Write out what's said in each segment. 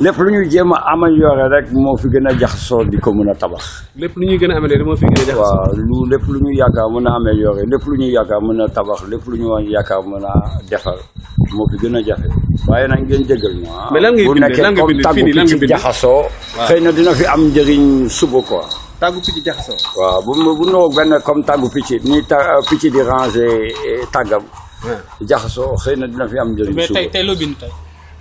lépp lu ñuy jéem a améliorer rek moo fi gën a jaxasoo di ko mën a tabax. lépp lu ñuy gën a améliorer moo fi gën a jaxasoo. waaw lu lépp lu ñuy yaakaar mën a améliorer lépp lu ñuy yaakaar mën a tabax lépp lu ñu yaakaar mën a defar moo fi gën a jafe waaye nag ngeen jéggal ma. Ah. mais lan ngay bind lan ngay bind fii bu nekkee comme tàggu ci jaxasoo. xëy na dina fi am njëriñ suba quoi. tàggu picc jaxasoo. waaw bu mu bu noo benn comme tàggu picc ni ta euh, picc di ranger euh, tàggam. jaxasoo xëy na dina fi am njëriñ suba mais tey tey loo bind tey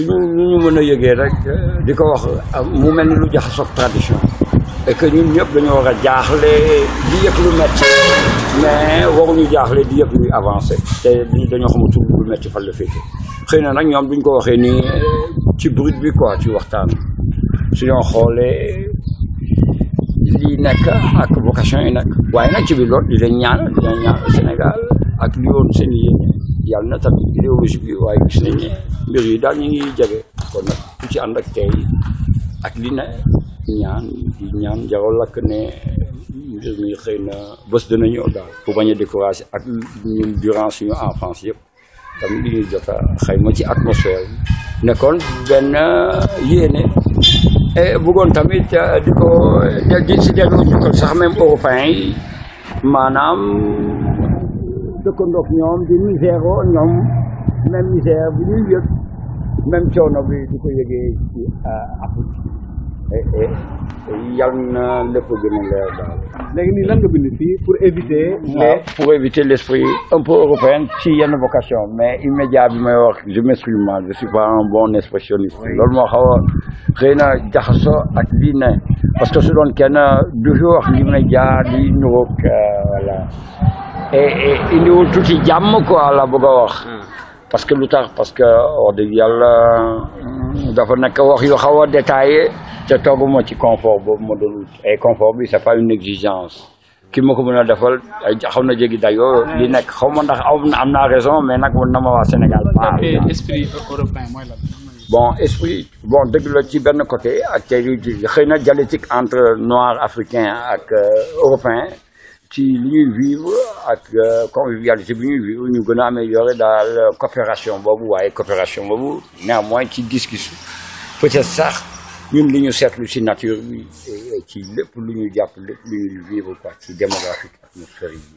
ñu ñu ñu mën a yëgee rek eh, di ko wax ah, mu mel ni lu jaxasoog tradition et que ñun ñëpp dañoo wax a jaaxle di yëg lu metti mais waruñu jaaxle di yëg luy avancé te lii dañoo xamatul lu metti fan la féete xëy na nag ñoom duñ ko waxee nii eh, ci brut bi ko ci waxtaan suñoo xoolee lii nekk ak vocation yi nekk waaye nag ci biir loolu di leen ñaanal ak li woon seen yéene yàlla na tamit idéologie bi waaye gis nañ ne mm. mbir yi daal ñu ngi jege kon nag ku ci ak tey ak li ne ñaan di ñaan jarul lakk ne mbir mi xëy na bés dana ñëw daal pour bañ a découragé ak ñun durant suñu enfance yëpp tamit li ñuy jot a xayma ci atmosphère bi nekkoon benn yéene e, bëggoon tamit di ko di si delloo njukkal sax même européen maanaam dëkkandoog ñoom di misère ñoom même misère bu ñuy yëg même coono bi di ko yëgee ci euh, afut yal na lépp gën a leer daal léegi nii lan nga bind fii pour éviter les pour éviter l'esprit un peu européen ci yenn vocation mais immédiat bi may wax je m'exprime mal hein. je suis pas un bon expressionniste loolu moo xaw a xëy na jaxasoo ak lii ne parce que su doon kenn du wax l'immédiat di ñuroog euh, voilà indiwutul ci jàmm quoi la bëgg a wax. parce que lu tax parce que wax dëgg yàlla dafa nekk wax yu xaw a détaillé te togguma ci confort boobu ma doon wut ay confort bi c'est pas une exigence ki ma ko mën a defal xaw na jéggi dayoo li nekk xaw ma ndax am naa raison mais nag mën na ma waa Sénégal. waaw esprit européen mooy lan. bon esprit bon dëgg la ci benn côté ak tey xëy na dialectique entre noir africain ak euh, européen qui li vivre, vivre ak euh, convivialité bi ñuy vivre ñu gën a améliorer daal coopération vous voyez, coopération boobu néanmoins qui gis-gisu peut-être sax ñun li ñu seetlu ci nature bi ci lépp lu ñu jàpp lépp vivre quoi ci démographique atmosphérique bi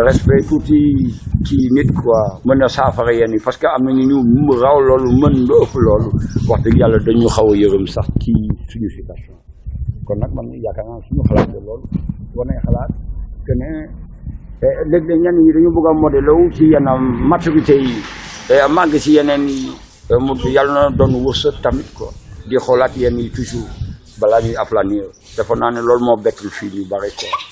respect tuuti ci nit quoi mën a saafara yenn parce que am nañu ñu raw loolu mën lu ëpp loolu wax dëgg yàlla dañu xaw a yërëm sax ci suñu situation kon nag man yaakaar naa e, suñu xalaat de loolu war nañ xalaat que ne léeg-léeg ñenn ñi dañu bëgg a modèle wu ci yenn maturité yi day màgg ci yeneen yi mu yàlla na doon wërsëg tamit quoi di xoolaat yenn yi toujours balaa ñuy aplanir defoon naa ne loolu moo bettul fii ñu bare quoi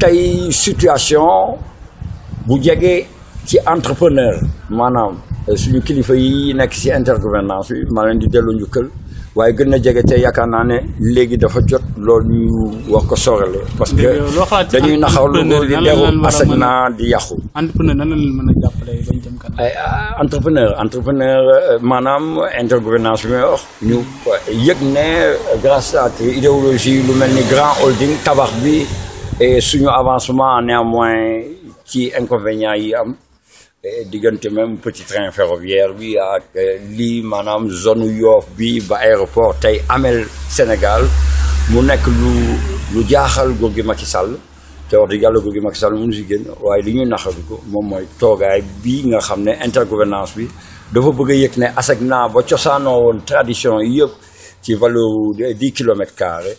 tay situation bu jege ci entrepreneur maanaam euh, suñu kilifa yi nek ci intergouvernance bi maa leen di dellu njukkal waaye gën na jege te yaakaar naa ne dafa jot lool ñu wax ko sorel parce que dañuy naxaw lu di deewu asag naa di yaxu entrepreneur nan la leen jappalé bañ jëm kanam ay ah, entrepreneur entrepreneur euh, manam intergouvernance bi wax ñu yëg né grâce à idéologie lu mel ni grand holding tabax bi et suñu avancement néanmoins ci inconvénients yi am eh, diggante même petit train ferroviaire bi ak eh, li manam zone Yoff bi ba aéroport tay amel Sénégal mu nekk lu lu jaaxal góor gi Macky Sall te wax dëgg Yalla góor gi Macky Sall mënu si génn waaye li ñu naxal ko mom moy togaay bi nga xamné intergouvernance bi dafa bëgg a né asak na naa ba cosaanoo woon tradition yi yëpp ci valeur 10 km carrés